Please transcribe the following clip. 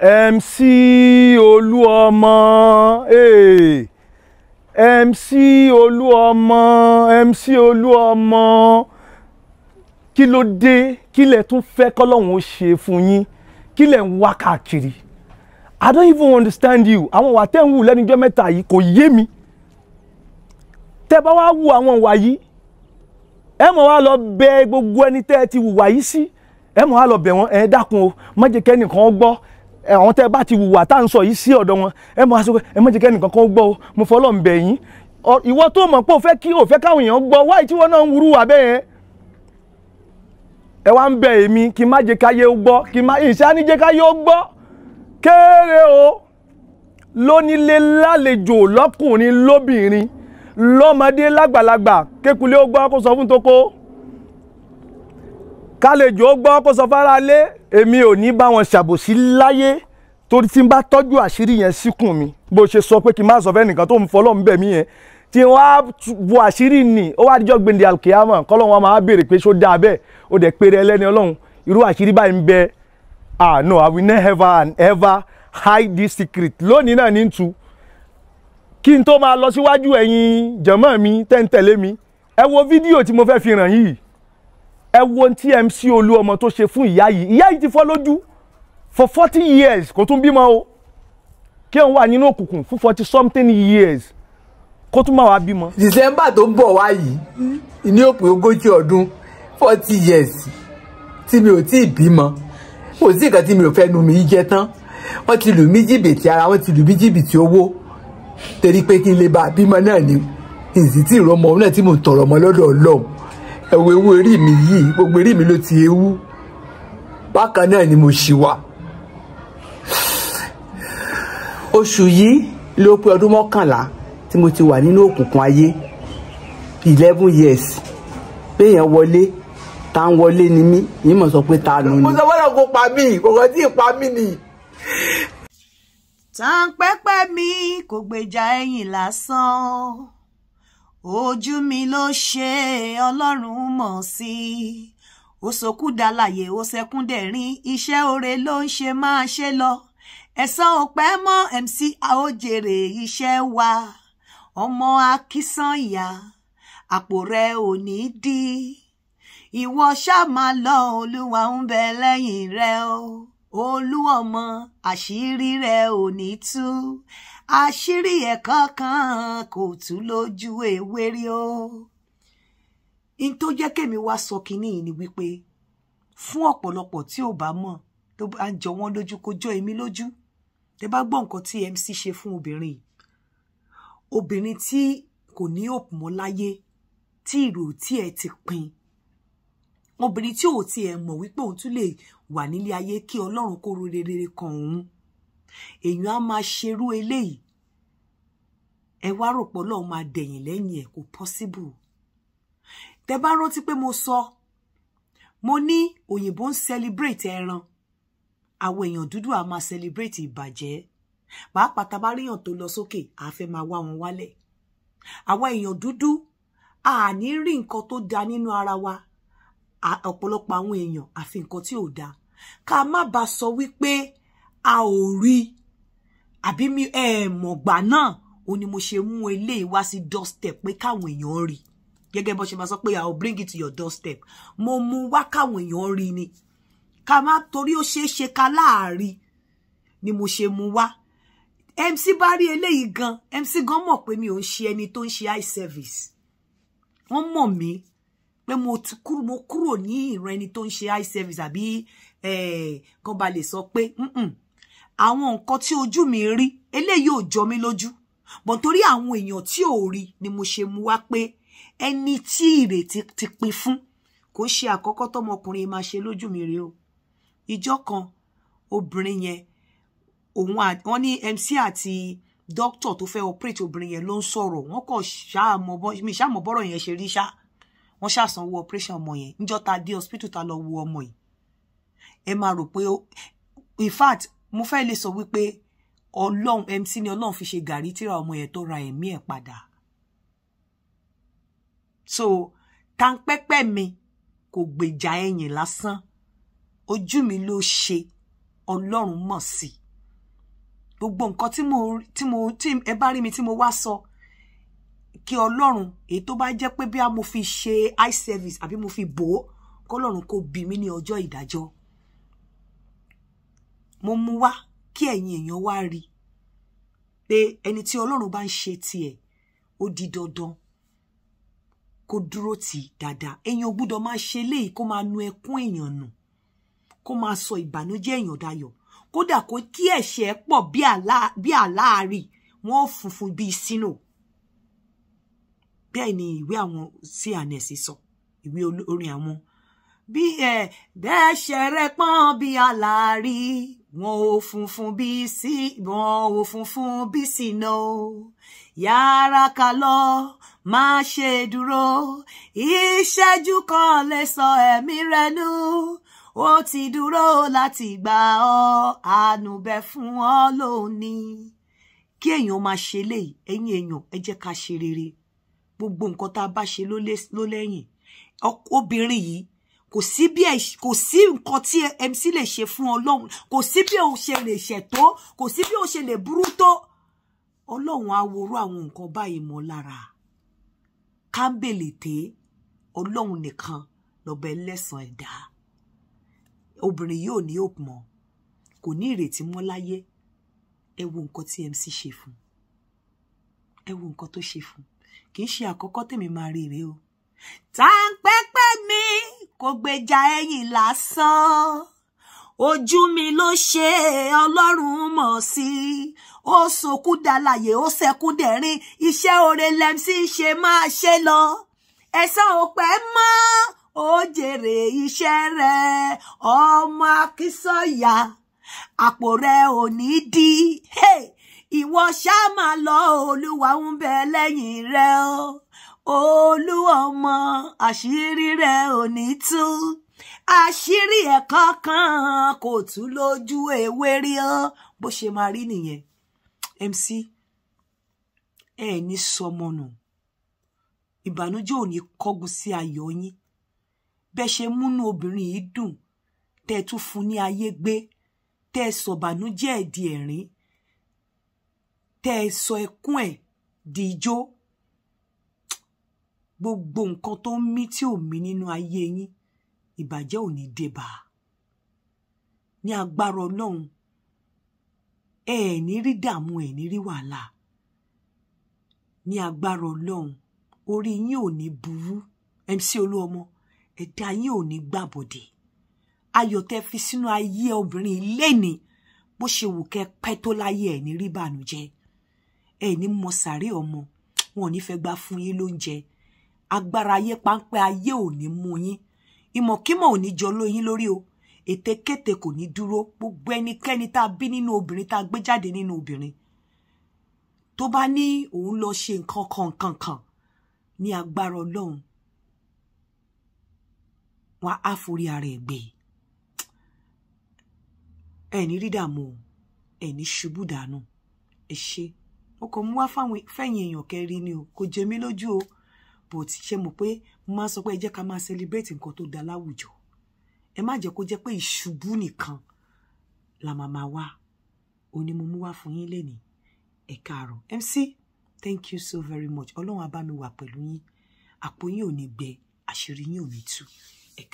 mc olúọmọ hey. mc olúọmọ mc olúọmọ kí ló dé kí lẹ tún fẹ́ kọ́lọ́hún ó ṣe fún yín kí lẹ ń wá káàkiri i don't even understand you àwọn ìwà tẹ́ ń wù lẹ́nujọ́ mẹ́ta yìí kò yé mi tẹ́ bá wá wù àwọn ìwà yìí ẹ mọ̀ wá lọ bẹ̀ gbogbo ẹni tẹ́ ẹ ti wùwà yìí sí ẹ mọ̀ wá lọ bẹ̀ wọ́n ẹ dákun o má jẹ́ kẹ́nìkan gbọ́ àwọn tẹ́ bá ti wùwà tá à ń sọ yìí sí ọ̀dọ̀ wọn ẹ mọ aṣọ pé ẹ mọ jẹ́ kẹ́ nìkan kan o mo fọlọ́ ń bẹ̀ yín ìwọ tó mọ̀ pé ò kí ò káwọn èèyàn gbọ́ wáyé tí wọ́n náà ń wúrú wà bẹ́ẹ̀ yẹn ẹ wá ń bẹ èmi kí n o lónílé lálejò lóbìnrin lágbàlagbà kékulé ó kálejò ó gbọ́ kó sọ fara lé èmi ò ní bá wọn ṣàbòsí láyé torí tí n bá tọ́jú àṣírí yẹn síkùn mi bó ṣe sọ pé kí n má sọ fẹ́nìkan tó ń fọlọ́ ń bẹ̀ mí yẹn tí wọ́n á bu àṣírí nì ó wá díjọ́ gbèndé alkiyama kọ́lọ́n wọn máa béèrè pé ṣó dáa bẹ́ẹ̀ ó dẹ̀ péré ẹlẹ́ni ọlọ́run irú àṣírí báyìí ń bẹ ah no i will never and ever hide this secret lónìí náà ní tu kí n tó máa lọ síwájú ẹ̀yin jẹ̀mọ́ mi tẹ́ǹtẹ̀lé mi ẹ wo fídíò tí mo fẹ́ fi ràn yìí ẹ wo tí MC Olúọmọ tó ṣe fún ìyá yìí ìyá yìí ti fọ́ lójú for forty years kò tún bímọ o kí òun wà nínú òkùnkùn fún forty something years kó tún máa wá bímọ. December tó ń bọ̀ wá yìí ní òpin ogójì ọdún forty years tí mi ò tí ì bímọ kò sí nǹkan tí mi ò fẹ́ nu mi jẹ tán wọ́n ti lù mí jìbìtì ara wọ́n ti lù mí jìbìtì owó torí pé kí n lè bá a bímọ náà ni ìsìtì ìrọmọ náà tí mò ń tọrọ ọmọ lọ́dọ̀ Ọlọ́run ẹ wo ewu eré mi yìí gbogbo eré mi ló ti ewu bákan náà ni mo ṣì wà oṣù yìí ló pé ọdún mọ́kànlá tí mo ti wà nínú òkùnkùn ayé eleven years péyàn wọlé tá ń wọlé ni mí yìí mọ̀ sọ pé ta nù ni. mo sọ fọlọ́ kó pa mí kòkò tí ì pa mí ni. tán pẹ́pẹ́ mi kò gbèjà ẹ̀yìn lásán ojú mi ló ṣe ọlọ́run mọ̀ sí i ó sọkú dalàyè ó sẹkún dẹ̀rín iṣẹ́ oore ló ń ṣe máa ṣe lọ ẹ̀san ò mọ́ MC àójèrè iṣẹ́ wa ọmọ akínsànyà àpò rẹ ò ní dí ìwọ ṣáà máa lọ olúwa ń bẹ lẹ́yìn rẹ o olúọmọ àṣírí rẹ ò ní tú àṣírí ẹ kankan kò tú lójú ewéré o in tó jẹ́ kèmi wá sọ kinní yìí ni wípé fún ọ̀pọ̀lọpọ̀ tí ò bá mọ̀ tó bá ń jọ wọ́n lójú kó jọ èmi lójú tẹ́ bá gbọ́ nǹkan tí MC ṣe fún obìnrin obìnrin tí kò ní òpùmọ́ láyé tí ìrò tí ẹ ti pin obìnrin tí ò tiẹ̀ mọ̀ wípé òun tún lè wà nílé ayé kí ọlọ́run kó ro rere kan òun èèyàn á máa ṣerú eléyìí ẹ wá rò pọ̀ lọ́run máa dẹ̀yìn lẹ́yìn ẹ̀ kò possible tẹ bá rántí pé mo sọ mo ní òyìnbó ń celebrate ẹran àwọn èèyàn dúdú á máa celebrate ìbàjẹ́ pàápàá tá a bá ríyàn tó lọ sókè àá fẹ́ máa wá wọn wálẹ̀ àwọn èèyàn dúdú àní rí nǹkan tó da nínú ara wa ọ̀pọ̀lọpọ̀ àwọn èèyàn àfi nǹkan tí ò dáa ká má ba sọ wípé a ò rí àbí mi ẹ mọ̀gbà náà òun ni mo ṣe mú eléyìí wá sí doorstep pé káwọn èèyàn rí gẹ́gẹ́ bó ṣe máa sọ pé i will bring it to your doorstep mo mú wá káwọn èèyàn rí ni ká má torí ó ṣeé ṣe ká láàrí ni mo ṣe mú wá MC bá rí eléyìí gan MC gan mọ̀ pé mi ò ń ṣe ẹni tó ń ṣe eye service wọ́n mọ̀ mí pé mo ti kúrò mo kúrò ní ìran ẹni tó ń ṣe eye service àbí eh, kan ba lè sọ pé àwọn nǹkan tí ojú mi rí eléyìí ò jọ mí lójú bọ̀ torí àwọn èèyàn tí ò rí ni mo ṣe mú wá pé ẹni tí ìrètí ti pin fún kò ṣe àkọ́kọ́ tọmọkùnrin máa ṣe lójú mi rí o ìjọ kan obìnrin yẹn òun wọn ní MC àti dókítà tó fẹ́ operate obìnrin yẹn ló ń sọ̀rọ̀ wọn kò ṣáà mọ bọ́rọ̀ yẹn ṣe rí ṣáà wọ́n ṣàsanwó operation ọmọ yẹn níjọ́ ta dé hospital ta lọ wo ọmọ yìí ẹ máa rò pé in fact mo fẹ́ lè sọ wípé ọlọ́run mc ni ọlọ́run fi ṣe gàrí tíra ọmọ yẹn tó ra ẹ̀mí ẹ̀ padà so tanpẹ́pẹ́ mi kò gbèjà ẹ̀yìn lásán ojú mi ló ṣe ọlọ́run mọ̀ sí gbogbo nǹkan tí mo tí mo tí ẹ bá rí mi tí mo wá sọ. So, ìkẹ́ ọlọ́run èyí tó bá jẹ́ pé bí a mo fi ṣe eye service àbí mo fi bò ó kọ́lọ́run kò bí mi ní ọjọ́ ìdájọ́ mo mú wá kí ẹ̀yin èèyàn wá rí i pé ẹni tí ọlọ́run bá ń ṣe tiẹ̀ ó di dandan kó dúró tì í dáadáa èèyàn ò gbúdọ̀ máa ṣe léyìí kó máa nu ẹkún èèyàn nù kó máa sọ ìbànújẹ́ èèyàn dayọ̀ kódà kó kí ẹ̀ṣẹ̀ pọ̀ bí àláàrí wọn ò funfun bíi sínú bẹ́ẹ̀ ni ìwé àwọn cns sọ ìwé orin àwọn bí ẹ bẹ́ẹ̀ ṣẹ̀rẹ̀ pọ́n bí aláàrí wọn ò funfun bí sí wọn ò funfun bí sí nà ó yára ká lọ má ṣe dúró ìṣẹ́jú kan lè sọ ẹ̀mí rẹ nù ó ti dúró láti gbà ọ́ àánú fún ọ lónìí kí èèyàn máa ṣe léyìí ẹ̀yin èèyàn ẹ jẹ́ ká ṣe rere gbogbo nǹkan tá a bá ṣe ló lẹ́yìn obìnrin yìí kò sí bí kò sí nǹkan tí MC lè ṣe fún ọlọ́run kò sí bí o ṣe lè ṣẹ̀ tó kò sí bí o ṣe lè burú tó ọlọ́run á worú àwọn nǹkan báyìí mọ́ lára kábèlè té ọlọ́run nìkan lọ́bẹ̀ lẹ́sàn ẹ̀dá obìnrin yóò ní òpin mọ́ kò ní ìrètí mọ́ láyé ẹ wo nǹkan tí MC ṣe fún ẹ wo nǹkan tó ṣe fún kì í ṣe àkọ́kọ́ tèmi máa rí rèé o tàǹpẹ́pẹ́ mi kò gbèjà ẹ̀yìn lásán ojú mi ló ṣe ọlọ́run mọ̀ sí ó sọkú dalàyè ó sẹkú dẹ̀rín iṣẹ́ oore lẹ́mísí ṣe máa ṣe lọ ẹ̀san ò mọ́ ó jèrè iṣẹ́ rẹ ọmọ akínsọ̀yà àpò rẹ ò ní dí. Hey! ìwọ ṣá máa lọ olúwa ń bẹ lẹ́yìn rẹ o olúwa ọmọ àṣírí rẹ ò ní tú àṣírí ẹ̀kọ́ kan kò tú lójú ewé rí bó ṣe máa rí nìyẹn MC ẹ ní sọmọnù ìbànújẹ́ ò ní kọgun sí ayọ̀ yín bẹ́ ṣe múnú obìnrin yìí dùn tẹ́ tún fún ní ayé gbé tẹ́ sọ̀bànújẹ́ ẹ̀dì ẹ̀rín tẹ́ ẹ sọ ẹkún ẹ̀ di ijó gbogbo nǹkan tó ń mí tí ò mí nínú ayé yín ìbàjẹ́ ò ní dé bá a ní agbára ọlọ́run ẹ ẹ̀ ní rí dààmú ẹ̀ ní rí wàhálà ní agbára ọlọ́run orí yín ò ní burú MC Olúọmọ ẹ̀dá yín ò ní gbàbọ̀dé ayọ̀ tẹ́ fi sínú ayé obìnrin lẹ́ni bó ṣe wù kẹ́ pẹ́ tó láyé ẹ̀ ní rí bànújẹ́ ẹ ní mọ sàárè ọmọ wọn ò ní fẹ́ gbà fún yín lóúnjẹ agbára ayé páńpẹ́ ayé ò ní mú yín ìmọ̀kímọ̀ ò ní jọ lóyún lórí o ètekéte kò ní dúró gbogbo ẹnikẹ́ni tá a bí nínú obìnrin tá a gbé jáde nínú obìnrin tó bá ní òun lọ ṣe nǹkan kan nǹkan kan ní agbára Ọlọ́run wọn á forí ara ẹ̀ gbé ẹ̀ ní rí dààmú ẹ̀ ní ṣubú dànù ẹ ṣe ọkọ̀ mú wá fẹ̀yìn èèyàn kẹrin ni o kò jẹ mí lójú o but ṣe mọ̀ mo máa sọ pé ẹ jẹ́ ká máa celebrate nǹkan tó da láwùjọ ẹ má jẹ́ kó jẹ́ pé ìṣubú nìkan la máa máa wá mo mú wá fún yín lénìí ẹ káàárọ̀ MC thank you so very much ọlọ́run á bá mi wà pẹ̀lú yín àpò yín ò ní gbẹ àṣírí yín ò ní tú ẹ